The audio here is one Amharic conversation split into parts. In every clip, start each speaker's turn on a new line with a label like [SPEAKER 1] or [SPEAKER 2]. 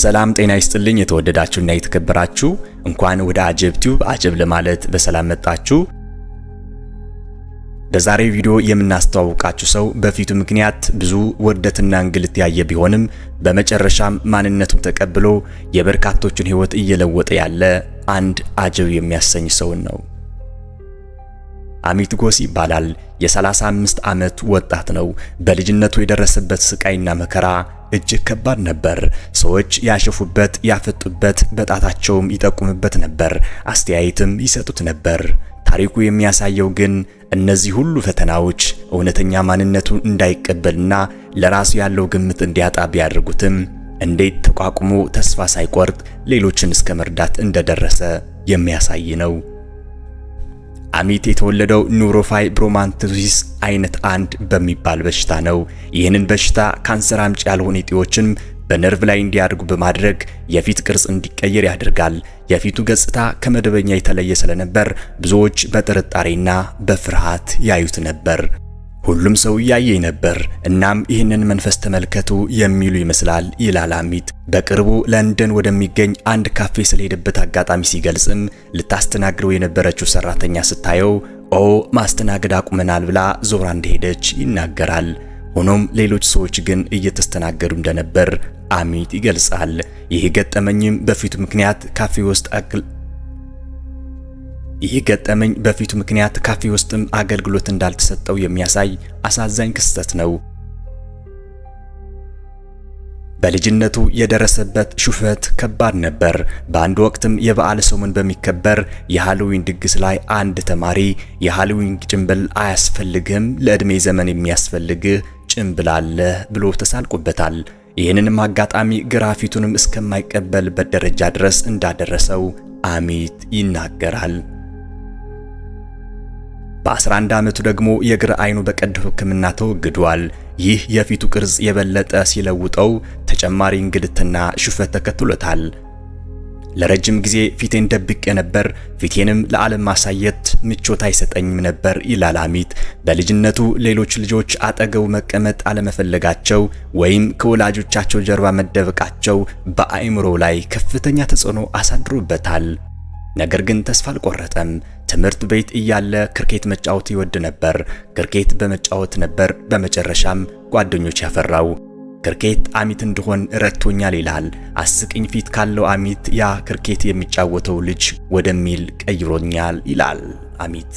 [SPEAKER 1] ሰላም ጤና ይስጥልኝ የተወደዳችሁና የተከበራችሁ እንኳን ወደ አጀብ ቲዩብ አጀብ ለማለት በሰላም መጣችሁ። በዛሬው ቪዲዮ የምናስተዋውቃችሁ ሰው በፊቱ ምክንያት ብዙ ውርደትና እንግልት ያየ ቢሆንም በመጨረሻም ማንነቱን ተቀብሎ የበርካቶችን ሕይወት እየለወጠ ያለ አንድ አጀብ የሚያሰኝ ሰውን ነው። አሚት ጎስ ይባላል። የ35 ዓመት ወጣት ነው። በልጅነቱ የደረሰበት ስቃይና መከራ እጅግ ከባድ ነበር። ሰዎች ያሸፉበት፣ ያፈጡበት፣ በጣታቸውም ይጠቁምበት ነበር። አስተያየትም ይሰጡት ነበር። ታሪኩ የሚያሳየው ግን እነዚህ ሁሉ ፈተናዎች እውነተኛ ማንነቱ እንዳይቀበልና ለራሱ ያለው ግምት እንዲያጣ ቢያደርጉትም እንዴት ተቋቁሞ ተስፋ ሳይቆርጥ ሌሎችን እስከ መርዳት እንደደረሰ የሚያሳይ ነው። አሚት የተወለደው ኑሮፋይብሮማንቶሲስ አይነት አንድ በሚባል በሽታ ነው። ይህንን በሽታ ካንሰር አምጪ ያልሆኑ እጢዎችን በነርቭ ላይ እንዲያድጉ በማድረግ የፊት ቅርጽ እንዲቀየር ያደርጋል። የፊቱ ገጽታ ከመደበኛ የተለየ ስለነበር ብዙዎች በጥርጣሬና በፍርሃት ያዩት ነበር። ሁሉም ሰው እያየኝ ነበር። እናም ይህንን መንፈስ ተመልከቱ የሚሉ ይመስላል ይላል አሚት። በቅርቡ ለንደን ወደሚገኝ አንድ ካፌ ስለሄደበት አጋጣሚ ሲገልጽም ልታስተናግደው የነበረችው ሰራተኛ ስታየው ኦ ማስተናገድ አቁመናል ብላ ዞራ እንደሄደች ይናገራል። ሆኖም ሌሎች ሰዎች ግን እየተስተናገዱ እንደነበር አሚት ይገልጻል። ይህ ገጠመኝም በፊቱ ምክንያት ካፌ ውስጥ አክል ይህ ገጠመኝ በፊቱ ምክንያት ካፌ ውስጥም አገልግሎት እንዳልተሰጠው የሚያሳይ አሳዛኝ ክስተት ነው። በልጅነቱ የደረሰበት ሹፈት ከባድ ነበር። በአንድ ወቅትም የበዓል ሰሙን በሚከበር የሃሎዊን ድግስ ላይ አንድ ተማሪ የሃሎዊን ጭንብል አያስፈልግም፣ ለዕድሜ ዘመን የሚያስፈልግህ ጭንብላለህ ብሎ ተሳልቆበታል። ይህንንም አጋጣሚ ግራፊቱንም እስከማይቀበልበት ደረጃ ድረስ እንዳደረሰው አሚት ይናገራል። በ11 ዓመቱ ደግሞ የግራ አይኑ በቀዶ ሕክምና ተወግዷል። ይህ የፊቱ ቅርጽ የበለጠ ሲለውጠው ተጨማሪ እንግልትና ሽፈት ተከትሎታል። ለረጅም ጊዜ ፊቴን ደብቄ ነበር፣ ፊቴንም ለዓለም ማሳየት ምቾት አይሰጠኝም ነበር ይላል አሚት በልጅነቱ ሌሎች ልጆች አጠገቡ መቀመጥ አለመፈለጋቸው ወይም ከወላጆቻቸው ጀርባ መደበቃቸው በአእምሮ ላይ ከፍተኛ ተጽዕኖ አሳድሮበታል። ነገር ግን ተስፋ አልቆረጠም። ትምህርት ቤት እያለ ክርኬት መጫወት ይወድ ነበር። ክርኬት በመጫወት ነበር በመጨረሻም ጓደኞች ያፈራው። ክርኬት አሚት እንድሆን ረድቶኛል ይላል። አስቂኝ ፊት ካለው አሚት ያ ክርኬት የሚጫወተው ልጅ ወደሚል ቀይሮኛል ይላል አሚት።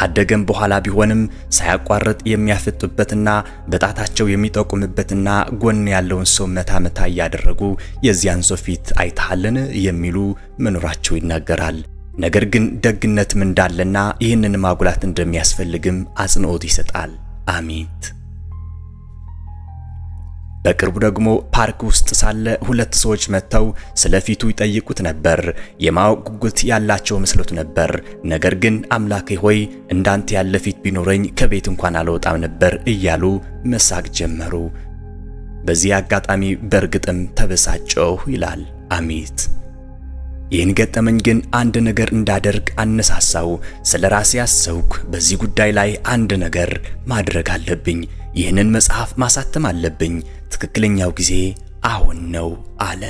[SPEAKER 1] ካደገም በኋላ ቢሆንም ሳያቋርጥ የሚያፈጥበትና በጣታቸው የሚጠቁምበትና ጎን ያለውን ሰው መታ መታ እያደረጉ የዚያን ሰው ፊት አይተሃልን የሚሉ መኖራቸው ይናገራል። ነገር ግን ደግነትም እንዳለና ይህንን ማጉላት እንደሚያስፈልግም አጽንኦት ይሰጣል አሚት። በቅርቡ ደግሞ ፓርክ ውስጥ ሳለ ሁለት ሰዎች መጥተው ስለፊቱ ይጠይቁት ነበር። የማወቅ ጉጉት ያላቸው መስሎት ነበር። ነገር ግን አምላኬ ሆይ እንዳንተ ያለ ፊት ቢኖረኝ ከቤት እንኳን አልወጣም ነበር እያሉ መሳቅ ጀመሩ። በዚህ አጋጣሚ በእርግጥም ተበሳጨሁ ይላል አሚት። ይህን ገጠመኝ ግን አንድ ነገር እንዳደርግ አነሳሳው። ስለ ራሴ አሰብኩ። በዚህ ጉዳይ ላይ አንድ ነገር ማድረግ አለብኝ፣ ይህንን መጽሐፍ ማሳተም አለብኝ፣ ትክክለኛው ጊዜ አሁን ነው አለ።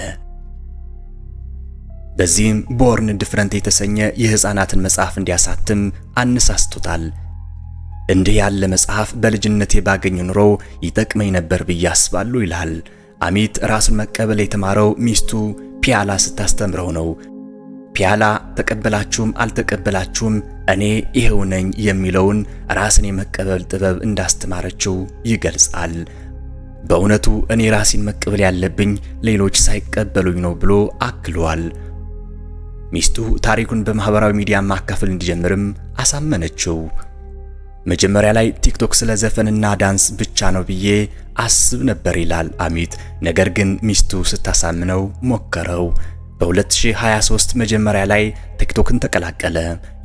[SPEAKER 1] በዚህም ቦርን ዲፍረንት የተሰኘ የህፃናትን መጽሐፍ እንዲያሳትም አነሳስቶታል። እንዲህ ያለ መጽሐፍ በልጅነቴ ባገኝ ኑሮ ይጠቅመኝ ነበር ብዬ አስባለሁ ይላል። አሚት ራሱን መቀበል የተማረው ሚስቱ ፒያላ ስታስተምረው ነው። ፒያላ ተቀበላችሁም አልተቀበላችሁም እኔ ይኸው ነኝ የሚለውን ራስን የመቀበል ጥበብ እንዳስተማረችው ይገልጻል። በእውነቱ እኔ ራሴን መቀበል ያለብኝ ሌሎች ሳይቀበሉኝ ነው ብሎ አክሏል። ሚስቱ ታሪኩን በማህበራዊ ሚዲያ ማካፈል እንዲጀምርም አሳመነችው። መጀመሪያ ላይ ቲክቶክ ስለ ዘፈንና ዳንስ ብቻ ነው ብዬ አስብ ነበር ይላል አሚት። ነገር ግን ሚስቱ ስታሳምነው ሞከረው። በ2023 መጀመሪያ ላይ ቲክቶክን ተቀላቀለ።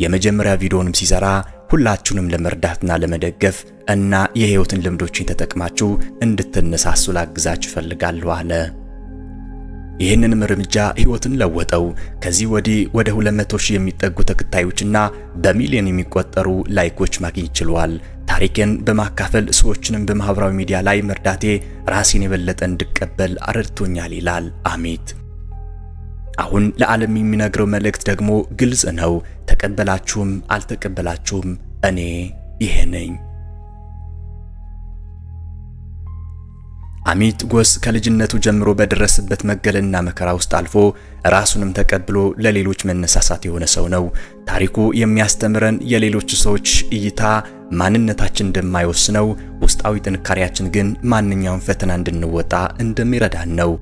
[SPEAKER 1] የመጀመሪያ ቪዲዮንም ሲሰራ ሁላችሁንም ለመርዳትና ለመደገፍ እና የህይወትን ልምዶችን ተጠቅማችሁ እንድትነሳሱ ላግዛችሁ እፈልጋለሁ አለ። ይህንንም እርምጃ ህይወትን ለወጠው። ከዚህ ወዲህ ወደ 200 ሺህ የሚጠጉ ተከታዮችና በሚሊዮን የሚቆጠሩ ላይኮች ማግኘት ችሏል። ታሪክን በማካፈል ሰዎችንም በማህበራዊ ሚዲያ ላይ መርዳቴ ራሴን የበለጠ እንድቀበል ረድቶኛል ይላል አሚት። አሁን ለዓለም የሚነግረው መልእክት ደግሞ ግልጽ ነው። ተቀበላችሁም አልተቀበላችሁም እኔ ይሄ ነኝ። አሚጥ ጎስ ከልጅነቱ ጀምሮ በደረሰበት መገለልና መከራ ውስጥ አልፎ ራሱንም ተቀብሎ ለሌሎች መነሳሳት የሆነ ሰው ነው። ታሪኩ የሚያስተምረን የሌሎች ሰዎች እይታ ማንነታችን እንደማይወስነው፣ ውስጣዊ ጥንካሬያችን ግን ማንኛውም ፈተና እንድንወጣ እንደሚረዳን ነው።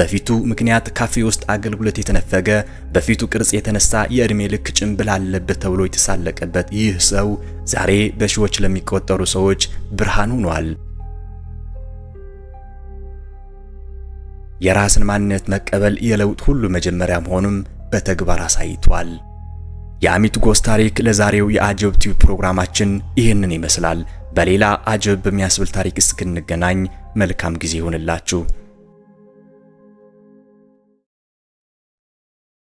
[SPEAKER 1] በፊቱ ምክንያት ካፌ ውስጥ አገልግሎት የተነፈገ በፊቱ ቅርጽ የተነሳ የእድሜ ልክ ጭንብል አለበት ተብሎ የተሳለቀበት ይህ ሰው ዛሬ በሺዎች ለሚቆጠሩ ሰዎች ብርሃን ሆኗል። የራስን ማንነት መቀበል የለውጥ ሁሉ መጀመሪያ መሆኑም በተግባር አሳይቷል። የአሚት ጎስ ታሪክ ለዛሬው የአጀብ ቲዩብ ፕሮግራማችን ይህንን ይመስላል። በሌላ አጀብ በሚያስብል ታሪክ እስክንገናኝ መልካም ጊዜ ይሁንላችሁ።